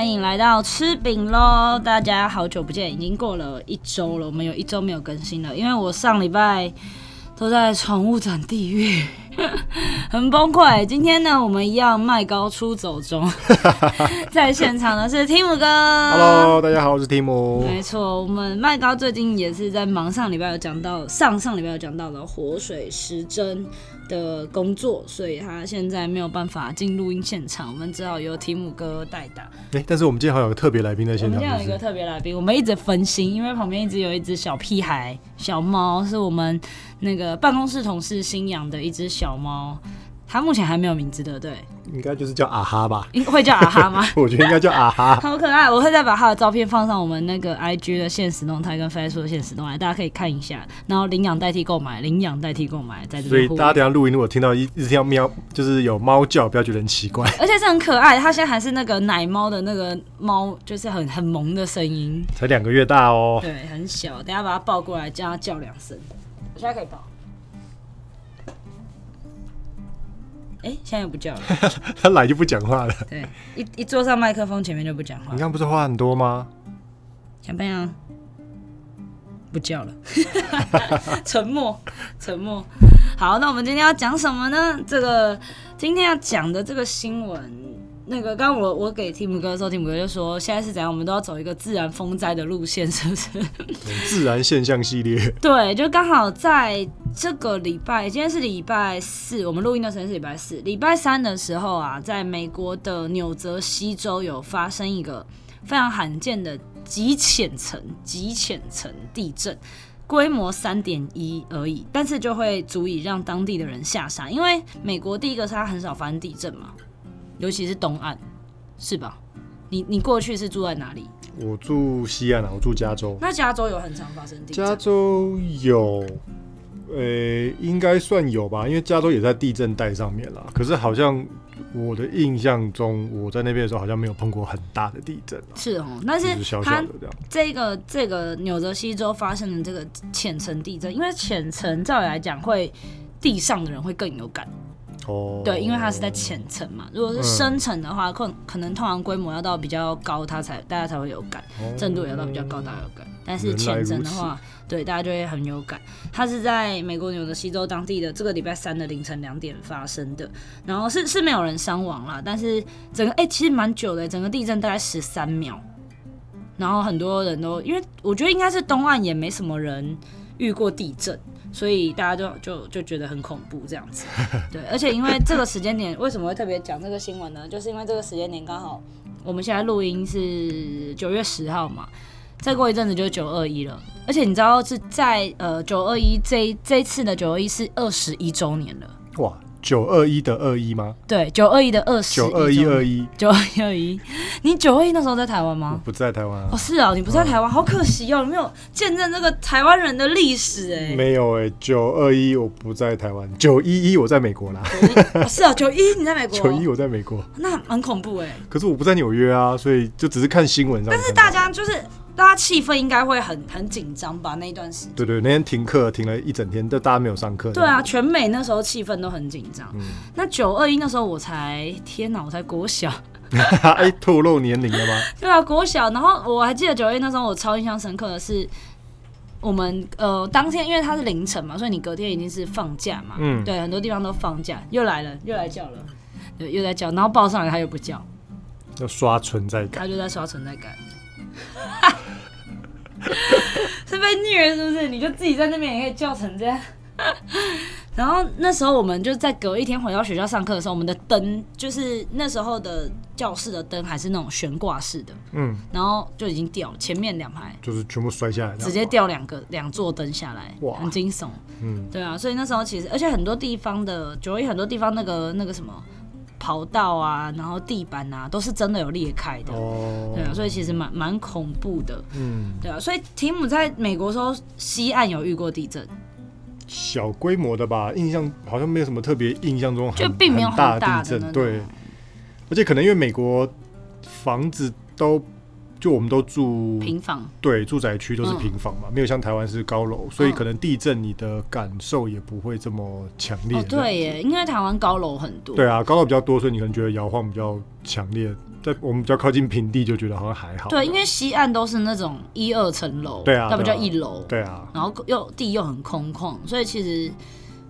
歡迎來到吃餅嘍！大家好久不見，已經過了一周了，我們有一周沒有更新了，因為我上禮拜都在寵物展地獄。 很崩潰。今天呢，我們一樣麥高出走中， 在現場的是 Tim 哥。Hello，大家好，我是 Tim。沒錯，我們麥高最近也是在忙，上禮拜有講到，上上禮拜有講到的活水時針的工作，所以他現在沒有辦法進錄音現場，我們只好由 Tim 哥代打。哎、欸，但是我們今天還有個特別來賓在現場。我們今天有一個特別來賓，我們一直分心，因為旁邊一直有一隻小屁孩小貓，是我們。那個辦公室同事新養的一只小貓，它目前還沒有名字的，對，應該就是叫阿、啊、哈吧？會叫阿、啊、哈嗎？ 我覺得應該叫阿、啊、哈。 好可愛！我會再把它的照片放上我們那個 I G 的限時動態跟 Facebook 的限時動態，大家可以看一下。然後領養代替購買，領養代替購買，在這邊。所以大家等下錄音，如果聽到一一直要喵，就是有貓叫，不要覺得很奇怪。嗯、而且是很可愛，它現在還是那個奶貓的那個貓，就是很很萌的聲音。才兩個月大哦，對，很小。等下把它抱過來，叫它叫兩聲。現在可以報。哎、欸，現在又不叫了。 他來就不講話了。對，一一坐上麥克風前面就不講話。 你剛不是話很多嗎？小朋友，不叫了。 沉默，沉默。好，那我們今天要講什麼呢？這個今天要講的這個新聞。那個剛剛我，剛剛我我給 Tim 哥說，Tim 哥就說現在是怎樣，我們都要走一個自然風災的路線，是不是？自然現象系列。 對，就剛好在這個禮拜，今天是禮拜四，我們錄音的時間是禮拜四。禮拜三的時候啊，在美國的紐澤西州有發生一個非常罕見的極淺層極淺層地震，規模三點一而已，但是就會足以讓當地的人嚇傻，因為美國第一個是他很少發生地震嘛。尤其是東岸，是吧？你你過去是住在哪裡？我住西岸啊，我住加州。那加州有很常發生地震？加州有，呃、欸，應該算有吧，因為加州也在地震帶上面啦。可是好像我的印象中，我在那邊的時候好像沒有碰過很大的地震。是哦，但是它這個這個紐澤西州發生的這個淺層地震，因為淺層，照理來講會地上的人會更有感。對，因為它是在淺層嘛，如果是深層的話，可、嗯、可能通常規模要到比較高，它才大家才會有感，嗯、震度也要到比較高才有感。但是淺層的話，對，大家就會很有感。它是在美國紐澤西州當地的這個禮拜三的凌晨兩點發生的，然後是是沒有人傷亡啦。但是整個哎、欸、其實蠻久的，整個地震大概十三秒，然後很多人都因為我覺得應該是東岸也沒什麼人遇過地震，所以大家就就就覺得很恐怖這樣子。對，而且因為這個時間點， 為什麼會特別講這個新聞呢？就是因為這個時間點剛好，我們現在錄音是九月十號嘛，再過一陣子就九二一了。而且你知道是在呃九二一這這次的九二一是二十一週年了。哇！九二一的二一嗎？對，九二一的二十。九二一二一，九二一二一。你九二一那時候在台灣嗎？我不在台灣啊。哦，是啊，你不在台灣，哇好可惜哦，你沒有見證這個台灣人的歷史哎、欸。沒有哎、欸，九二一我不在台灣，九一一我在美國啦。哦、是啊，九一你在美國，九一我在美國，那很恐怖哎、欸。可是我不在紐約啊，所以就只是看新聞上面。但是大家就是。大家氣氛應該會很很緊張吧？那一段時間，對，對對，那天停課停了一整天，就大家沒有上課。對啊，全美那時候氣氛都很緊張。嗯，那九二一那時候我才天哪，我才國小。哎，透露年齡了嗎？對啊，國小。然後我還記得九二一那時候，我超印象深刻的是，我們呃當天因為它是凌晨嘛，所以你隔天已經是放假嘛。嗯，對，很多地方都放假。又來了，又來叫了，又又在叫，然後報上來他又不叫，要刷存在感，他就在刷存在感。 是被虐是不是？你就自己在那邊也可以叫成這樣。 然後那時候我們就在隔一天回到學校上課的時候，我們的燈就是那時候的教室的燈還是那種懸掛式的，嗯，然後就已經掉了前面兩排，就是全部摔下來，直接掉兩個兩座燈下來，哇，很驚悚，嗯，對啊，所以那時候其實而且很多地方的九一很多地方那個那個什麼。跑道啊，然後地板啊，都是真的有裂開的，oh. 對啊，所以其實蠻蠻恐怖的，嗯，對啊，所以提姆在美國說西岸有遇過地震，小規模的吧，印象好像沒有什麼特別，印象中就並沒有很大的地震，呢對，而且可能因為美國房子都。就我們都住平房，對，住宅區都是平房嘛，嗯、沒有像台灣是高樓，嗯、所以可能地震你的感受也不會這麼強烈、哦。對耶，因為台灣高樓很多。對啊，高樓比較多，所以你可能覺得搖晃比較強烈。在我們比較靠近平地，就覺得好像還好。對，因為西岸都是那種一二層樓、啊，對啊，那比較一樓、啊，對啊，然後又地又很空曠，所以其實。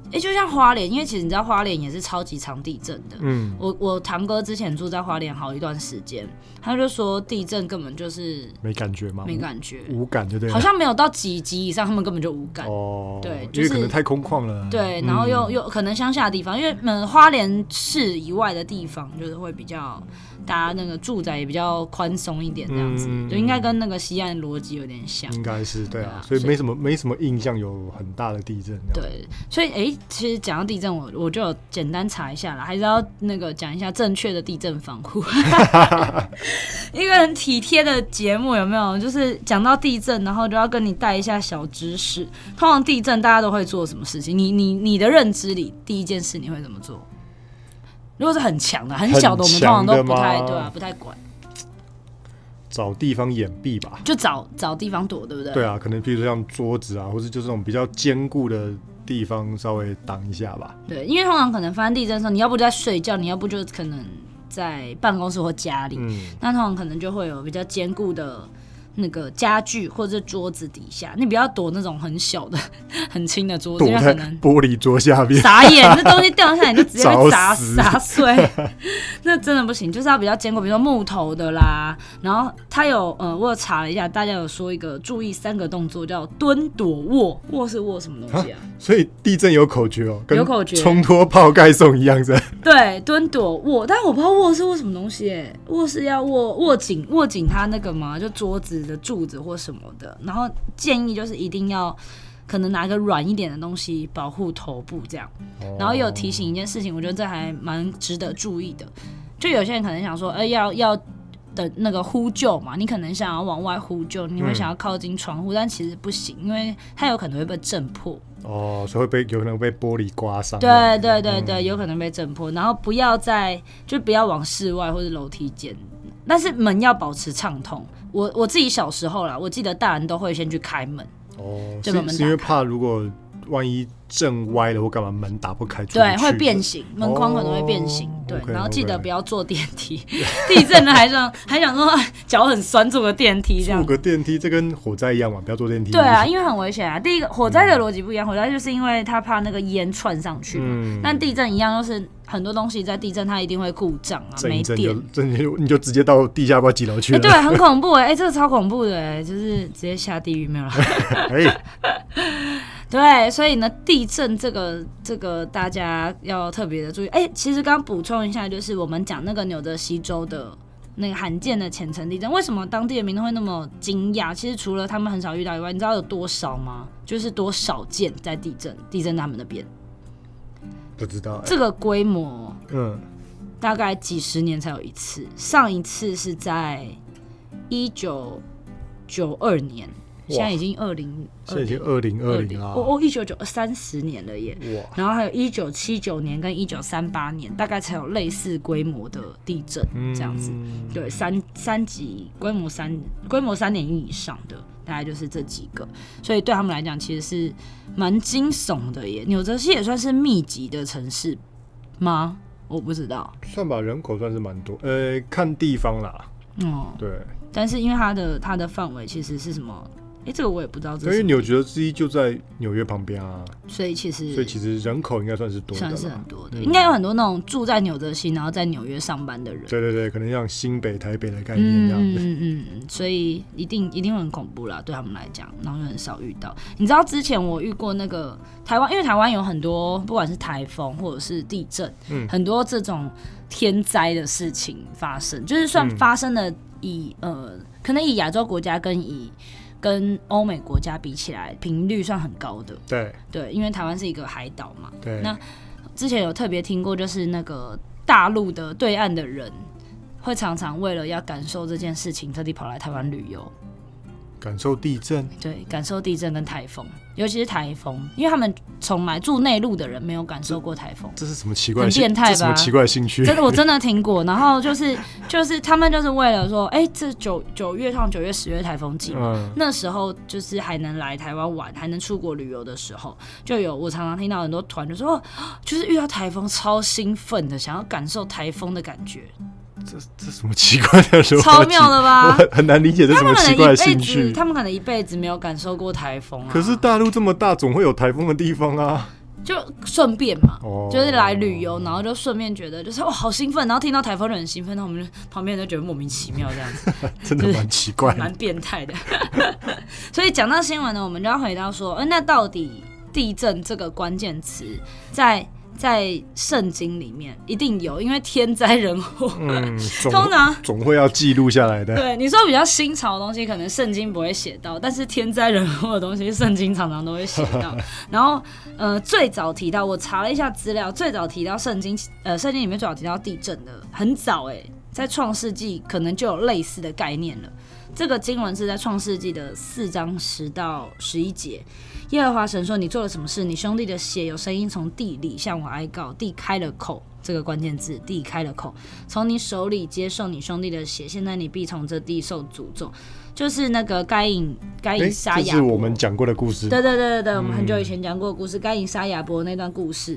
哎、欸，就像花蓮，因為其實你知道，花蓮也是超級常地震的。嗯，我我堂哥之前住在花蓮好一段時間，他就說地震根本就是沒感覺嘛，沒感覺無，無感就對？好像沒有到幾級以上，他們根本就無感哦。對，就是可能太空曠了。對，然後又又可能鄉下的地方，嗯、因為嗯，花蓮市以外的地方就是會比較大家那個住宅也比較寬鬆一點，這樣子、嗯、就應該跟那個西岸邏輯有點像。應該是對啊，所以沒什麼以沒什麼印象，有很大的地震。對，所以哎。欸其實講到地震我，我我就簡單查一下啦，還是要那個講一下正確的地震防護。 一個很體貼的節目，有沒有？就是講到地震，然後就要跟你帶一下小知識。通常地震大家都會做什麼事情？你你你的認知裡，第一件事你會怎麼做？如果是很強的、很小的，的我們通常都不太對啊，不太管。找地方掩蔽吧。就找找地方躲，對不對？對啊，可能比如說像桌子啊，或者就是這種比較堅固的。地方稍微擋一下吧。對，因為通常可能發生地震的時候，你要不就在睡覺，你要不就可能在辦公室或家裡，嗯，那通常可能就會有比較堅固的。那個家具或者桌子底下，你不要躲那種很小的，很輕的桌子，很難。玻璃桌下面，傻眼，這 東西掉下來你就直接砸砸碎，死煞水 那真的不行，就是要比較堅固，比如說木頭的啦。然後他有，呃，我有查了一下，大家有說一個注意三個動作，叫蹲躲、躲、握，握是握什麼東西啊？所以地震有口訣哦、喔，有口訣，衝脫泡蓋送一樣的。對，蹲、躲、握，但是我不知道握是握什麼東西、欸，哎，握是要握握緊握緊它那個嘛，就桌子。的柱子或什麼的，然後建議就是一定要可能拿個軟一點的東西保護頭部這樣，然後有提醒一件事情，我覺得這還蠻值得注意的。就有些人可能想說，呃、欸，要要的那個呼救嘛，你可能想要往外呼救，你會想要靠近窗戶，嗯、但其實不行，因為它有可能會被震破。哦，所以會被有可能被玻璃刮傷。對對對對，有可能被震破，嗯、然後不要再就不要往室外或者樓梯間。但是門要保持暢通。我我自己小時候啦，我記得大人都會先去開門，哦，就門是，是因為怕如果。萬一震歪了，或幹嘛，門打不開？對，會變形，門框可能會變形。對，然後記得不要坐電梯。地震了還想還想說腳很酸，坐個電梯這樣。坐個電梯，這跟火災一樣嘛？不要坐電梯。對啊，因為很危險啊。第一個，火災的邏輯不一樣，火災就是因為他怕那個煙竄上去。嗯。但地震一樣，就是很多東西在地震，它一定會故障啊，沒電。地震，你就直接到地下，不要幾樓去。對，很恐怖哎，這個超恐怖的，就是直接下地獄沒有了。對，所以呢，地震這個這個大家要特別的注意。哎，其實剛補充一下，就是我們講那個紐澤西州的那個罕見的淺層地震，為什麼當地的民眾會那麼驚訝？其實除了他們很少遇到以外，你知道有多少嗎？就是多少件在地震？地震他們那邊不知道、欸、這個規模，嗯，大概幾十年才有一次，上一次是在一九九二年。現在已經二零，現在已經二零二零哦哦，一九九三十年了耶。哇然後還有一九七九年跟一九三八年，大概才有類似規模的地震這樣子。嗯、對，三三級規模三規模三點一以上的，大概就是這幾個。所以對他們來講，其實是蠻驚悚的耶。紐澤西也算是密集的城市嗎？我不知道，算吧，人口算是蠻多。呃、欸，看地方啦。嗯、哦。對。但是因為它的它的範圍其實是什麼？哎、欸，這個我也不知道麼。所以紐澤西就在紐約旁邊啊，所以其實，所以其實人口應該算是多，算是很多的，嗯、應該有很多那種住在紐澤西然後在紐約上班的人。對對對，可能像新北、台北的概念一樣，嗯嗯，所以一定一定會很恐怖啦，對他們來講，然後又很少遇到。你知道之前我遇過那個台灣，因為台灣有很多不管是台風或者是地震，嗯，很多這種天災的事情發生，就是算發生了以、嗯、呃，可能以亞洲國家跟以。跟歐美國家比起來，頻率算很高的。對，對，因為台灣是一個海島嘛。對。那之前有特別聽過，就是那個大陸的對岸的人，會常常為了要感受這件事情，特地跑來台灣旅遊，感受地震。對，感受地震跟颱風。尤其是颱風，因為他們從來住內陸的人沒有感受過颱風。這是什麼奇怪的？很變態吧？奇怪的興趣。真的，我真的聽過。然後就是， 就是他們就是為了說，哎、欸，這九九月上九月十月颱風季嘛，嗯、那時候就是還能來台灣玩，還能出國旅遊的時候，就有我常常聽到很多團就說，就是遇到颱風超興奮的，想要感受颱風的感覺。這這什麼奇怪的說法？超妙了吧？我很很難理解這什麼奇怪的興趣。他們可能一輩子，他們可能一輩子沒有感受過台風啊。可是大陸這麼大，總會有台風的地方啊。就順便嘛，oh. 就是來旅遊，然後就順便覺得，就是哇，好興奮。然後聽到台風就很興奮，那我們就旁邊人都覺得莫名其妙這樣子， 真的蠻奇怪的， 蠻變態的。 所以講到新聞呢，我們就要回到說，哎，那到底地震這個關鍵詞在？在聖經裡面一定有，因為天災人禍，嗯、通常總會要記錄下來的。對你說比較新潮的東西，可能聖經不會寫到，但是天災人禍的東西，聖經常常都會寫到。 然後，呃，最早提到，我查了一下資料，最早提到聖經，呃，聖經裡面最早提到地震的很早、欸、在創世紀可能就有類似的概念了。這個經文是在創世紀的四章十到十一節，耶和華神說：“你做了什麼事？你兄弟的血有聲音從地裡向我哀告，地開了口。這個關鍵字，地開了口，從你手裡接受你兄弟的血。現在你必從這地受詛咒。”就是那個該隱，該隱殺亞伯。這是我們講過的故事。對對對對對，嗯、我們很久以前講過的故事，該隱殺亞伯那段故事。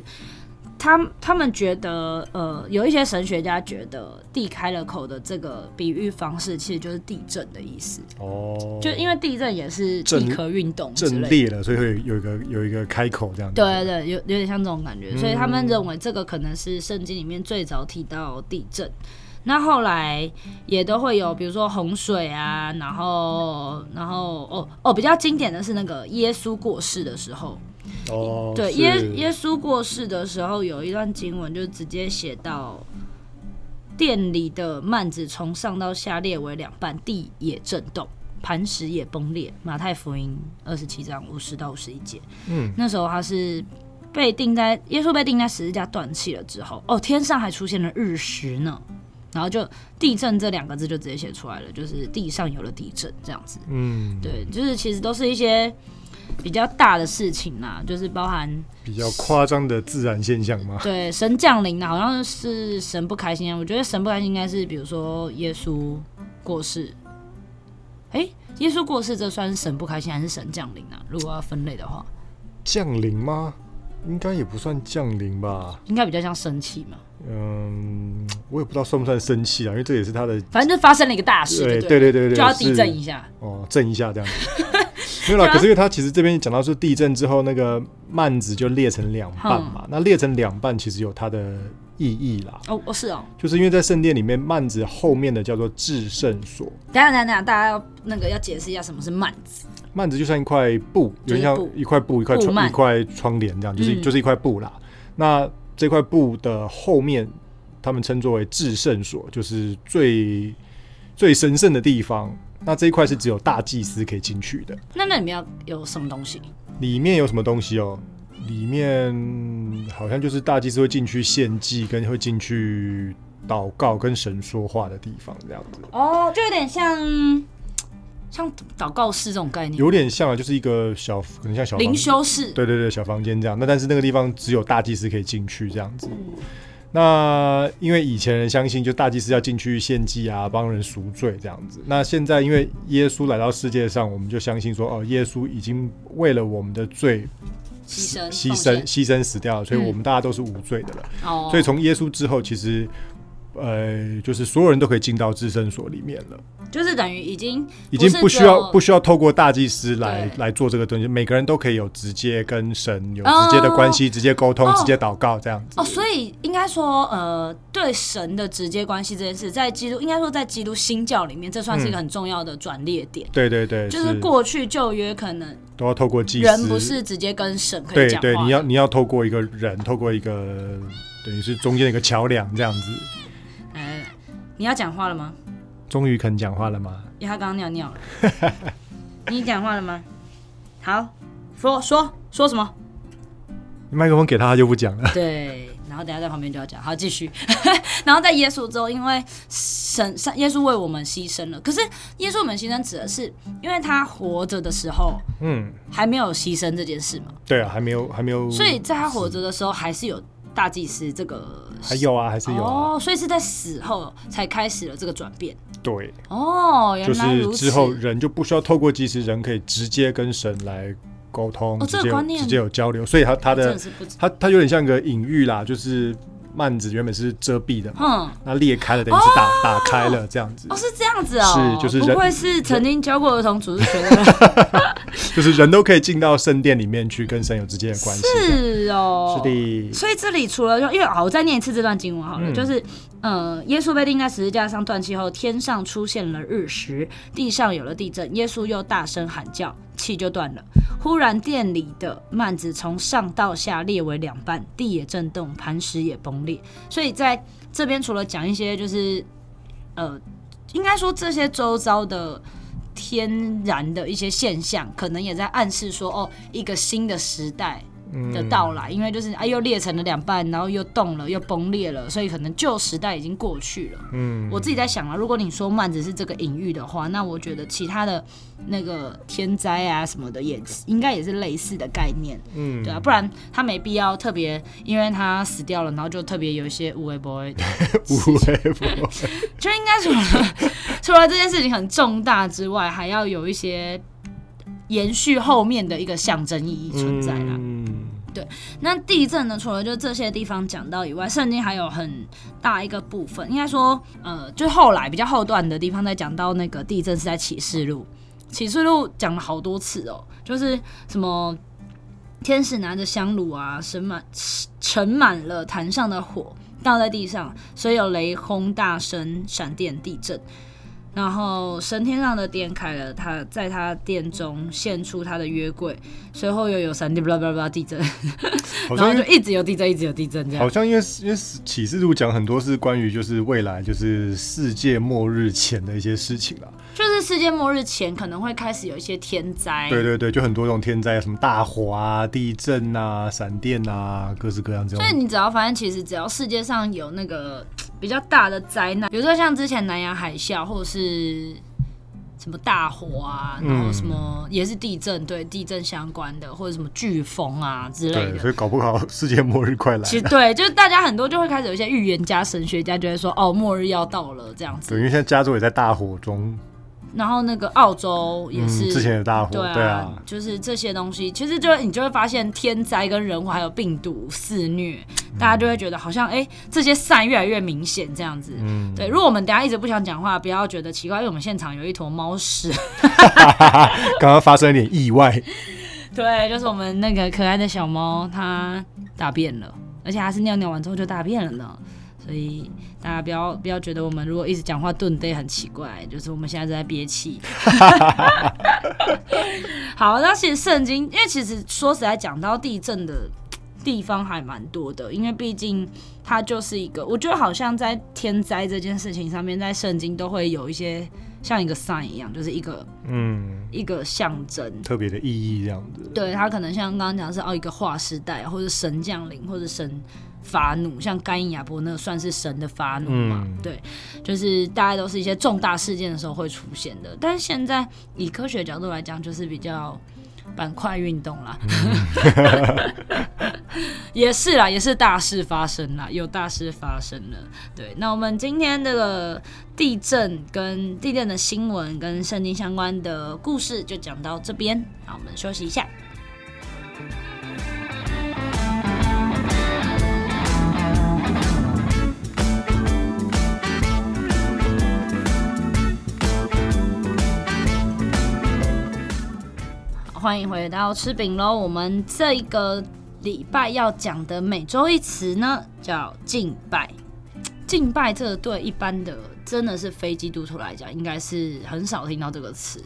他他們覺得，呃，有一些神學家覺得“地開了口”的這個比喻方式其實就是地震的意思。哦，就因為地震也是地殼運動之類的震、震裂了，所以會有一個有一個開口這樣子。對，對對，有有點像這種感覺，嗯，所以他們認為這個可能是聖經裡面最早提到地震。那後來也都會有，比如說洪水啊，然後然後哦哦，哦，比較經典的是那個耶穌過世的時候。哦，oh, 對，是耶耶穌過世的時候，有一段經文就直接寫到，殿裡的幔子從上到下裂為兩半，地也震動，磐石也崩裂。馬太福音二十七章五十到五十一節。嗯，那時候他是被釘在耶穌被釘在十字架斷氣了之後，哦，天上還出現了日食呢，然後就地震這兩個字就直接寫出來了，就是地上有了地震這樣子。嗯，對，就是其實都是一些。比較大的事情啦，就是包含比較誇張的自然現象嘛。對，神降臨吶、啊，好像是神不開心啊。我覺得神不開心應該是，比如說耶穌過世。欸、耶穌過世這算是神不開心還是神降臨啊？如果要分類的話，降臨嗎？應該也不算降臨吧。應該比較像生氣嘛。嗯，我也不知道算不算生氣啊，因為這也是他的，反正發生了一個大事對，對，對對對對，就要地震一下，哦，震一下這樣子。 沒有啦，啊、可是因為它其實這邊講到說地震之後那個幔子就裂成兩半嘛，嗯、那裂成兩半其實有它的意義啦。哦哦是哦，就是因為在聖殿裡面，幔子後面的叫做至聖所。嗯、等下等下等下，大家要那個要解釋一下什麼是幔子？幔子就像一塊布，就布像一塊布一塊窗幔一塊窗簾這樣，就是就是一塊布啦。嗯、那這塊布的後面，他們稱作為至聖所，就是最最神聖的地方。那這一塊是只有大祭司可以進去的。那那裡面有什麼東西？裡面有什麼東西哦？裡面好像就是大祭司會進去獻祭，跟會進去禱告跟神說話的地方這樣子。哦，就有點像像禱告室這種概念。有點像啊，就是一個小，可能像小靈修室。對對對，小房間這樣。那但是那個地方只有大祭司可以進去這樣子。嗯那因為以前人相信，就大祭司要進去獻祭啊，幫人贖罪這樣子。那現在因為耶穌來到世界上，我們就相信說，哦，耶穌已經為了我們的罪犧牲、犧牲、犧牲、犧牲死掉了，所以我們大家都是無罪的了。嗯。所以從耶穌之後，其實。呃，就是所有人都可以進到至聖所裡面了，就是等於已經已經不需要不需要透過大祭司來對來做這個東西，每個人都可以有直接跟神有直接的關係，哦、直接溝通，哦、直接禱告這樣子哦。哦，所以應該說，呃，對神的直接關係這件事，在基督應該說在基督新教裡面，這算是一個很重要的轉捩點，嗯。對對對，就是過去舊約可能都要透過祭司，人不是直接跟神可以講的，對對，你要你要透過一個人，透過一個等於是中間的一個橋樑這樣子。你要講話了嗎？終於肯講話了嗎？因為他剛剛尿尿了。 你講話了嗎？好，說說說什麼？你麥克風給他，他就不講了。對，然後等下在旁邊就要講。好，繼續。 然後在耶穌之後，因為神、耶穌為我們犧牲了。可是耶穌我們犧牲指的是，因為他活着的時候，嗯，還沒有犧牲這件事嘛、嗯？對啊，還沒有，還沒有。所以在他活着的時候，還是有。大祭司這個還有啊，還是有哦，啊，oh, 所以是在死後才開始了這個轉變。對，哦、oh，原來如之後人就不需要透過祭司，人可以直接跟神來溝通，oh, 直接有這個觀念，直接有交流。所以他他的他他有點像一個隱喻啦，就是。幔子原本是遮蔽的嘛，嗯，那裂開了，等於是打、哦、打開了這樣子，哦，是這樣子哦，是就是人不會是曾經教過兒童主日學的， 就是人都可以進到聖殿裡面去跟神有直接的關係，是哦，是的，所以這裡除了用，因為啊，我再念一次這段經文好了，嗯、就是嗯、呃，耶穌被釘在十字架上斷氣後，天上出現了日食，地上有了地震，耶穌又大聲喊叫。氣就斷了，忽然殿裡的幔子從上到下裂為兩半，地也震動，磐石也崩裂。所以在這邊除了講一些就是，呃，應該說這些周遭的天然的一些現象，可能也在暗示說，哦，一個新的時代。的到來，因為就是啊，又裂成了兩半，然後又動了，又崩裂了，所以可能舊時代已經過去了。嗯，我自己在想啊，如果你說幔子是這個隱喻的話，那我覺得其他的那個天災啊什麼的也，也應該也是類似的概念。嗯，對啊，不然他沒必要特別，因為他死掉了，然後就特別有一些無為不為。無為不為，就應該除了除了這件事情很重大之外，還要有一些延續後面的一個象徵意義存在啦。嗯。對，那地震呢？除了就這些地方講到以外，聖經還有很大一個部分，應該說，呃，就後來比較後段的地方在講到那個地震是在啟示錄，啟示錄講了好多次哦，就是什麼天使拿着香爐啊，盛滿盛滿了壇上的火，倒在地上，所以有雷轟、大聲、閃電、地震。然後神天上的殿開了，他在他殿中獻出他的約櫃，隨後又有三天，不啦不啦不啦地震，好像然後就一直有地震，一直有地震這樣。好像因為因為啟示錄講很多是關於就是未來就是世界末日前的一些事情啦，確實世界末日前可能會開始有一些天災，對對對，就很多種天災，什麼大火啊、地震啊、閃電啊，各式各樣這樣。所以你只要發現其實只要世界上有那個比較大的災難，比如說像之前南洋海嘯，或者是什麼大火啊，嗯、然後什麼也是地震，對，地震相關的，或者什麼颶風啊之類的。所以搞不好世界末日快來？其實對，就是大家很多就會開始有一些預言家、神學家覺得說，哦，末日要到了這樣子。對，因為現在加州也在大火中。然後那個澳洲也是，嗯、之前的大火，對啊，對啊，就是這些東西，其實就你就會發現天災跟人禍還有病毒肆虐，嗯、大家就會覺得好像哎，欸，這些善越來越明顯這樣子。嗯，對。如果我們等一下一直不想講話，不要覺得奇怪，因為我們現場有一坨貓屎。剛剛 發生一點意外， 對，就是我們那個可愛的小貓它大便了，而且還是尿尿完之後就大便了呢。所以大家不要不要覺得我們如果一直講話頓得很奇怪，就是我們現在正在憋氣。 好，那其實聖經，因為其實說實在，講到地震的地方還蠻多的，因為畢竟它就是一個，我覺得好像在天災這件事情上面，在聖經都會有一些像一個 sign 一樣，就是一個嗯一個象徵，特別的意義這樣子。對，它可能像剛剛講的是哦一個化時代，或者神降臨，或者神。發怒，像該隱亞伯那個算是神的發怒嘛？嗯、對，就是大家都是一些重大事件的時候會出現的。但是現在以科學角度來講，就是比較板塊運動啦，嗯、 也是啦，也是大事發生啦，有大事發生了。對，那我們今天這個地震跟地震的新聞跟聖經相關的故事就講到這邊，那我們休息一下。歡迎回到吃餅嘍！我們這一個禮拜要講的每周一詞呢，叫敬拜。敬拜，這個對一般的真的是非基督徒來講，應該是很少聽到這個詞。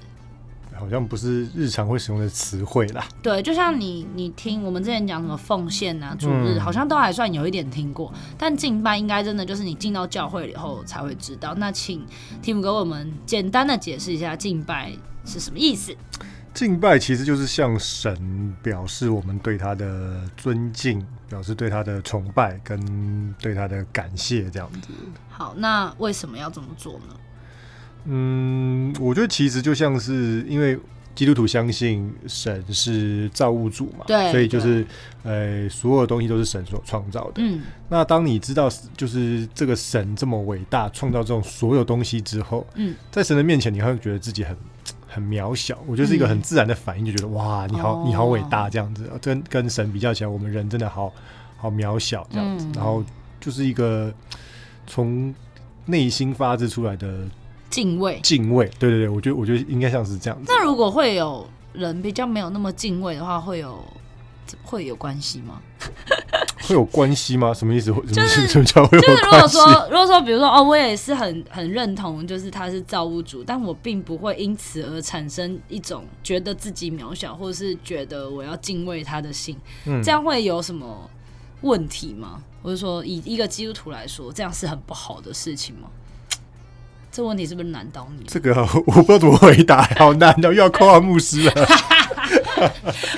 好像不是日常會使用的詞彙啦。對，就像你你聽我們之前講什麼奉獻啊、主日，嗯、好像都還算有一點聽過。但敬拜應該真的就是你進到教會以後才會知道。那請 Tim 給我們簡單的解釋一下敬拜是什麼意思。敬拜其實就是向神表示我們對他的尊敬，表示對他的崇拜跟對他的感謝這樣子。好，那為什麼要這麼做呢？嗯，我覺得其實就像是因為基督徒相信神是造物主嘛，對，所以就是對呃，所有東西都是神所創造的。嗯，那當你知道就是這個神這麼偉大，創造這種所有東西之後，嗯，在神的面前，你會覺得自己很很渺小，我就是一個很自然的反應，嗯、就覺得哇，你好，你好偉大這樣子。哦、跟跟神比較起來，我們人真的好好渺小這樣子。嗯、然後就是一個從內心發自出來的敬畏，敬畏。對對對，我覺得我覺得應該像是這樣子。那如果會有人比較沒有那麼敬畏的話，會有會有關係嗎？ 會有關係嗎？什麼意思？什麼叫會有關係？就是就是如果說，如果說，比如說哦，我也是很很認同，就是他是造物主，但我並不會因此而產生一種覺得自己渺小，或者是覺得我要敬畏他的心，嗯、這樣會有什麼問題嗎？我就說，以一個基督徒來說，這樣是很不好的事情嗎？這問題是不是難倒你？這個我不知道怎麼回答，好難 又要扣阿牧師了。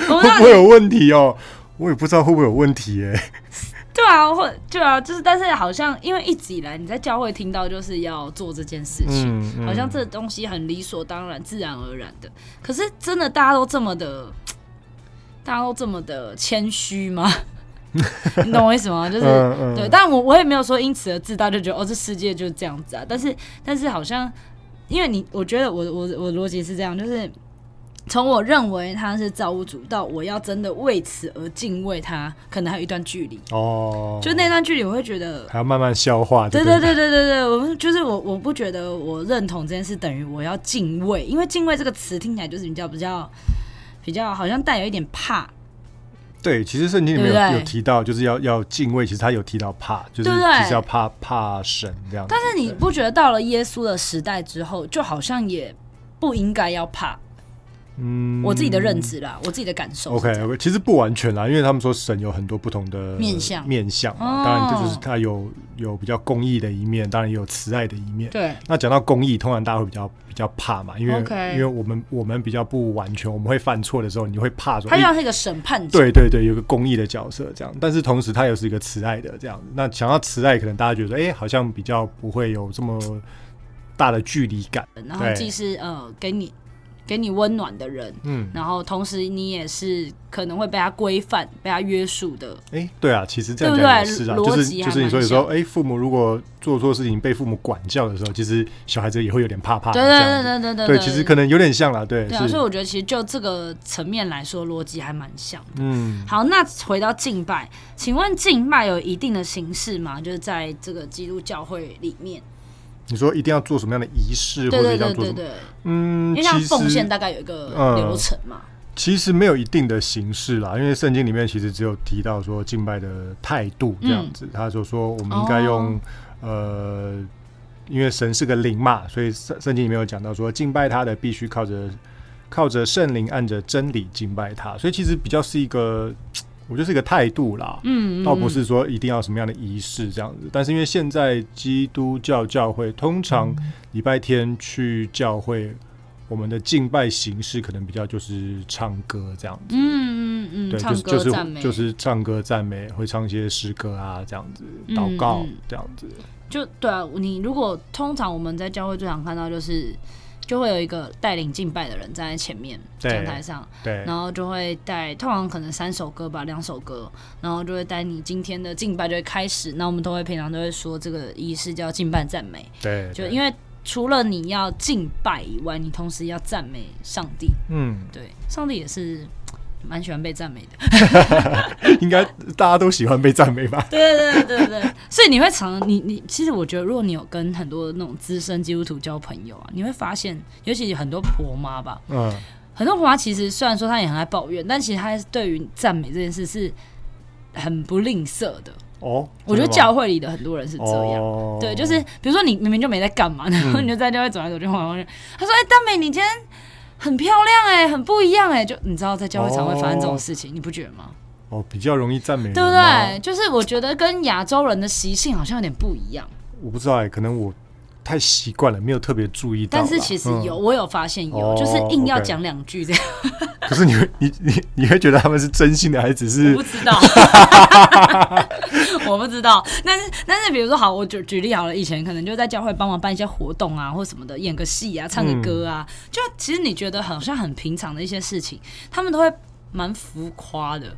會 不會有問題哦？ 我也不知道會不會有問題耶、欸。對啊，會對啊，就是但是好像因為一直以來你在教會聽到就是要做這件事情，嗯嗯、好像這東西很理所當然、自然而然的。可是真的大家都這麼的，大家都這麼的謙虛嗎？ 你懂我意思嗎？就是、 嗯嗯、對，但我我也沒有說因此而自大，就覺得哦，這世界就是這樣子啊。但是但是好像因為你，我覺得我我我邏輯是這樣，就是。從我認為他是造物主到我要真的為此而敬畏他，可能還有一段距離。哦，就那段距離，我會覺得還要慢慢消化。對對,對對對對,對我們就是我，我不覺得我認同這件事等於我要敬畏，因為敬畏這個詞聽起來就是比較比較比較，比較好像帶有一點怕。對，其實聖經裡面有對對有提到，就是要要敬畏，其實他有提到怕，就是提到怕對對對怕神這樣。但是你不覺得到了耶穌的時代之後，就好像也不應該要怕？嗯，我自己的認知啦，我自己的感受。OK，OK，、okay, okay, 其實不完全啦，因為他們說神有很多不同的面相向、呃，面向。Oh. 當然，就是他有有比較公義的一面，當然也有慈愛的一面。對。那講到公義，通常大家會比較比較怕嘛，因為 Okay. 因為我們我們比較不完全，我們會犯錯的時候，你會怕什麼？他要像是一個審判者、欸。對對對，有個公義的角色這樣，但是同時他又是一個慈愛的這樣子。那講到慈愛，可能大家覺得，哎、欸，好像比較不會有這麼大的距離感。然後，即使對呃，給你。給你溫暖的人，嗯，然後同時你也是可能會被他規範、嗯、被他約束的。哎、欸，對啊，其實這樣講也是啊，就是你是說。所以有時候，哎，父母如果做錯事情被父母管教的時候，其實小孩子也會有點怕怕的。對對對，對，對，對，對，對，其實可能有點像了，對。對啊、是所以我覺得其實就這個層面來說，邏輯還蠻像的。嗯。好，那回到敬拜，請問敬拜有一定的形式嗎？就是在這個基督教會裡面。你說一定要做什麼樣的儀式，或者要做什麼？嗯，其實因為奉獻，大概有一個流程嘛、嗯。其實沒有一定的形式啦，因為聖經裡面其實只有提到說敬拜的態度這樣子。嗯、他說說，我們應該用、哦、呃，因為神是個靈嘛，所以聖聖經裡面有講到說，敬拜他的必須靠着靠着聖靈，按着真理敬拜他。所以其實比較是一個。我就是一個態度啦，嗯，嗯，嗯，倒不是說一定要什麼樣的儀式這樣子，嗯嗯，但是因為現在基督教教會通常禮拜天去教會，嗯、我們的敬拜形式可能比較就是唱歌這樣子，嗯嗯嗯，對，就是就是唱歌讚美，會唱一些詩歌啊這樣子，嗯嗯，禱告這樣子，就對啊，你如果通常我們在教會最常看到就是。就會有一個帶領敬拜的人站在前面講台上，對，對，然後就會帶，通常可能三首歌吧，兩首歌，然後就會帶你今天的敬拜就會開始。那我們都會平常都會說這個儀式叫敬拜讚美，對，就因為除了你要敬拜以外，你同時要讚美上帝，嗯，對，對，上帝也是。蠻喜歡被讚美的，應該大家都喜歡被讚美吧？對對對對對。所以你會常常你你，其實我覺得，如果你有跟很多那種資深基督徒交朋友啊，你會發現，尤其很多婆媽吧，嗯，很多婆媽其實雖然說她也很愛抱怨，但其實她對於讚美這件事是很不吝嗇的。哦，我覺得教會裡的很多人是這樣，對，就是比如說你明明就沒在幹嘛，然後你就在教會走來走去晃晃晃去，他說：“哎，大美，你今天。”很漂亮誒、欸，很不一樣誒、欸。就你知道，在教會常會發生這種事情、哦，你不覺得嗎？哦，比較容易讚美人，對不對？就是我覺得跟亞洲人的習性好像有點不一樣 我不知道誒、欸，可能我。太習慣了，沒有特別注意到。但是其實有，嗯、我有發現有，哦、就是硬要講兩句這樣。可是你會， 你你你會覺得他們是真心的，還是，是？我不知道。 我不知道。但是但是，比如說好，我就舉，舉例好了，以前可能就在教會幫忙辦一些活動啊，或什麼的，演個戲啊，唱個歌啊，嗯、就其實你覺得好像很平常的一些事情，他們都會蠻浮誇的。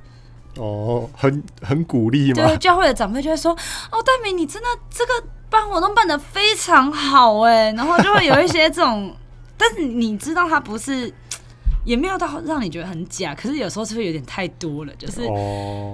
哦，很很鼓勵嗎？對，教會的長輩就會說：“哦，大明，你真的這個。”我都辦活動辦的非常好，哎、欸，然後就會有一些這種， 但是你知道他不是，也沒有到讓你覺得很假，可是有時候是不是有點太多了？就是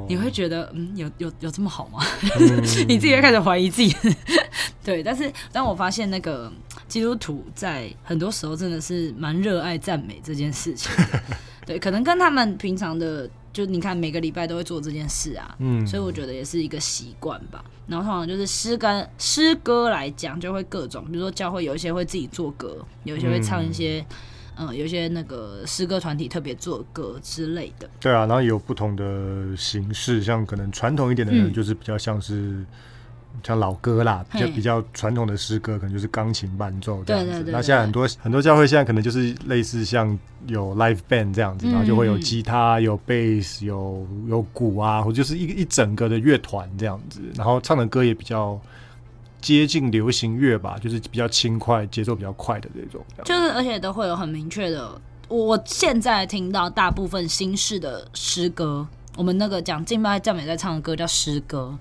你會覺得、哦、嗯，有有有這麼好嗎？ 你自己會開始懷疑自己。 對，但是但我發現那個基督徒在很多時候真的是蠻熱愛讚美這件事情的。對，可能跟他們平常的。就你看每個禮拜都會做這件事啊，嗯，所以我覺得也是一個習慣吧。然後通常就是詩跟詩歌來講，就會各種，比如說教會有一些會自己作歌，有一些會唱一些，嗯、呃，有一些那個詩歌團體特別作歌之類的。對啊，然後有不同的形式，像可能傳統一點的人，就是比較像是。嗯像老歌啦，就比較傳統的詩歌，嘿可能就是鋼琴伴奏這樣子。對對對對對。那現在很多很多教會現在可能就是類似像有 live band 這樣子，嗯，然後就會有吉他、有 bass、有有鼓啊，或者就是一一整個的樂團這樣子。然後唱的歌也比較接近流行樂吧，就是比較輕快、節奏比較快的這種這樣子。就是而且都會有很明確的。我現在聽到大部分新式的詩歌，我們那個講敬拜讚美在唱的歌叫詩歌。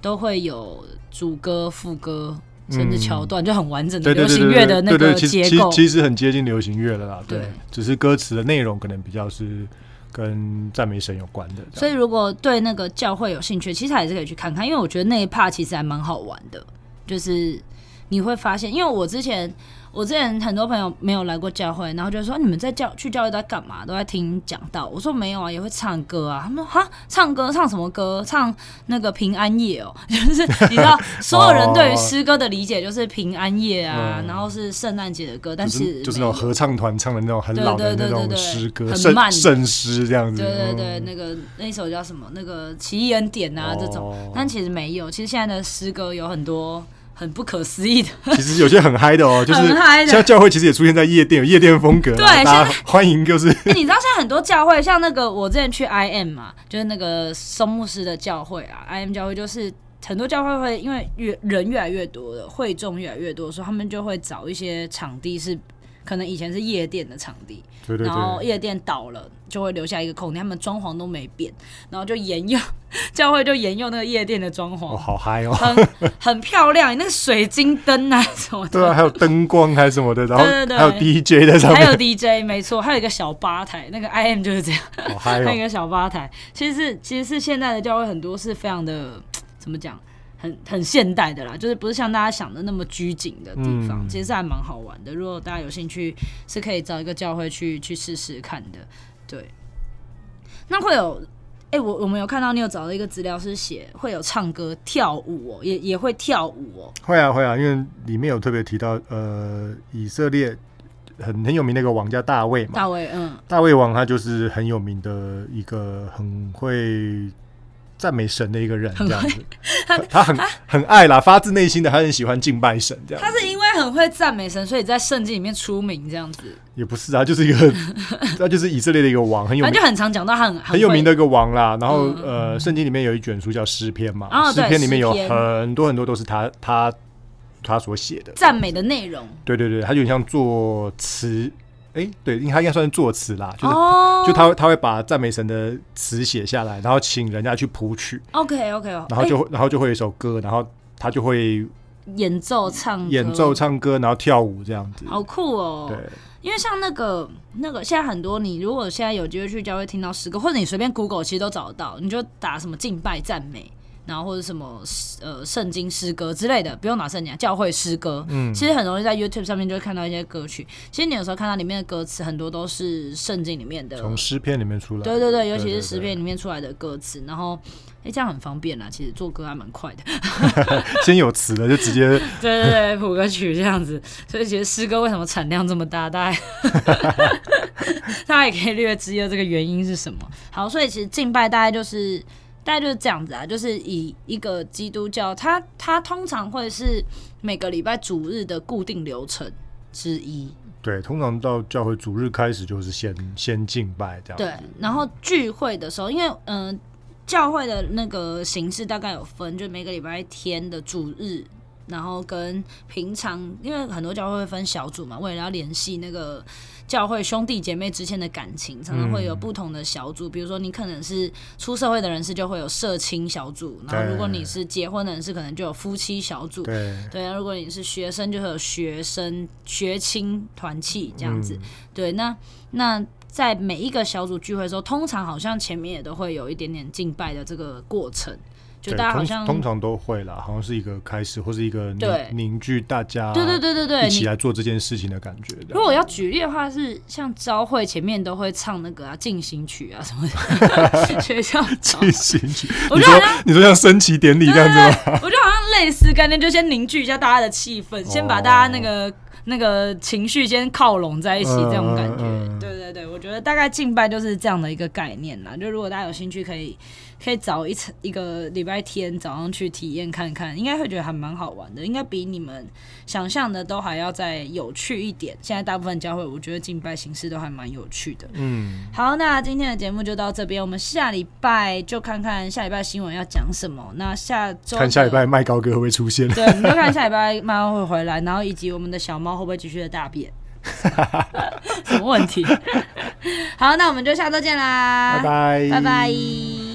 都會有主歌、副歌，甚至橋段，就很完整的流行樂的那個結構其，其實很接近流行樂的啦，對。對，只是歌詞的內容可能比較是跟讚美神有關的。所以，如果對那個教會有興趣，其實還是可以去看看，因為我覺得那一 p 其實還蠻好玩的。就是你會發現，因為我之前。我之前很多朋友沒有來過教會，然後就說你們在教去教會都在幹嘛？都在聽講道。我說沒有啊，也會唱歌啊。他們說哈，唱歌唱什麼歌？唱那個平安夜哦、喔，就是你知道， 哦、所有人對於詩歌的理解就是平安夜啊，哦、然後是聖誕節的歌。對但是、就是、就是那種合唱團唱的那種很老的那種詩歌聖聖詩這樣子。哦、對，對對對，那個那一首叫什麼？那個《奇異恩典》啊這種，哦、但其實沒有。其實現在的詩歌有很多。很不可思議的，其實有些很嗨的哦、喔，就是現在教會其實也出現在夜店，有夜店風格，對，大家歡迎就是。欸、你知道現在很多教會，像那個我之前去 I M 嘛，就是那個松牧師的教會啊，I M 教會就是很多教會會因為越人越來越多的會眾越來越多，所以他們就會找一些場地是。可能以前是夜店的場地，對對對，然後夜店倒了，就會留下一個空間，他們裝潢都沒變，然後就沿用，教會就沿用那個夜店的裝潢，哦，好嗨哦，很很漂亮，那個水晶燈啊什麼的，對啊，還有燈光還是什麼的，然後對對對，還有 DJ 的，還有 DJ 沒錯，還有一個小吧台，那個 IM 就是這樣，好嗨哦，還有一個小吧台，其實是，其實是現在的教會很多是非常的怎麼講？很很現代的啦，就是不是像大家想的那麼拘謹的地方，嗯、其實還蠻好玩的。如果大家有興趣，是可以找一個教會去去試試看的。對，那會有，哎、欸，我我們有看到你有找到一個資料是寫會有唱歌跳舞哦，也也會跳舞哦，會啊會啊，因為裡面有特別提到，呃，以色列很很有名的那個王叫大衛嘛，大衛，嗯，大衛王他就是很有名的一個很會。讚美神的一個人這樣子，他他，他，他很很愛啦，發自內心的，他很喜歡敬拜神這樣。他是因為很會讚美神，所以在聖經裡面出名這樣子。也不是啊，就是一個，那 就是以色列的一個王，很有，他就很常講到他很，很，很有名的一個王啦。然後、嗯、呃，聖經裡面有一卷書叫詩篇嘛，詩篇、哦、詩篇裡面有很多很多都是他他他所寫的讚美的內容。對對對，他就很像作詞。誒、欸，對，他應該應該算是作詞啦，就是他、oh. 就他會他會把贊美神的詞寫下來，然後請人家去譜曲。OK OK OK，然後就會、欸、然後就會有一首歌，然後他就會演奏唱演奏唱歌，然後跳舞這樣子。好酷哦、喔！對，因為像那個那個，現在很多你如果現在有機會去教會聽到詩歌，或者你隨便 Google 其實都找得到，你就打什麼敬拜讚美。然後或者什麼呃聖經詩歌之類的，不用拿聖經、啊，教會詩歌，嗯，其實很容易在 YouTube 上面就會看到一些歌曲。其實你有時候看到裡面的歌詞，很多都是聖經裡面的，從詩篇裡面出來的。對對對，尤其是詩篇裡面出來的歌詞。對對對對然後，哎，這樣很方便啦，其實做歌還蠻快的。 先有詞的就直接， 對對對，譜歌曲這樣子。所以其實詩歌為什麼產量這麼大？大家 大家也可以略知一下這個原因是什麼。好，所以其實敬拜大概就是。大概就是這樣子啊，就是以一個基督教，它它通常會是每個禮拜主日的固定流程之一。對，通常到教會主日開始就是先先敬拜這樣子。對，然後聚會的時候，因為嗯、呃，教會的那個形式大概有分，就每個禮拜天的主日。然後跟平常，因為很多教會會分小組嘛，為了要聯繫那個教會兄弟姐妹之間的感情，常常會有不同的小組。嗯、比如說，你可能是出社會的人士，就會有社青小組；對然後如果你是結婚的人士，可能就有夫妻小組。對，啊，如果你是學生，就會有學生學青團契這樣子。嗯、對，那那在每一個小組聚會的時候，通常好像前面也都會有一點點敬拜的這個過程。大家通常都會啦，好像是一個開始或是一個凝聚大家，對對對對對，一起來做這件事情的感覺。如果要舉例的話，是像朝會前面都會唱那個啊、進行曲啊什麼的， 學校進行曲。我覺得你，你說像升旗典禮這樣子對對對，我覺得好像類似概念，就先凝聚一下大家的氣氛，先把大家那個、哦、那個情緒先靠攏在一起，嗯、這種感覺，嗯、對對對。我覺得大概敬拜就是這樣的一個概念啦。就如果大家有興趣，可以。可以早一層一個禮拜天早上去體驗看看，應該會覺得還蠻好玩的，應該比你們想象的都還要再有趣一點。現在大部分教會，我覺得敬拜形式都還蠻有趣的。嗯，好，那今天的節目就到這邊，我們下禮拜就看看下禮拜新聞要講什麼。那下週看下禮拜麥高哥會不會出現？對，你就看下禮拜麥高會回來， 然後以及我們的小貓會不會繼續的大便？ 什麼問題？ 好，那我們就下週見啦，拜拜拜拜。Bye bye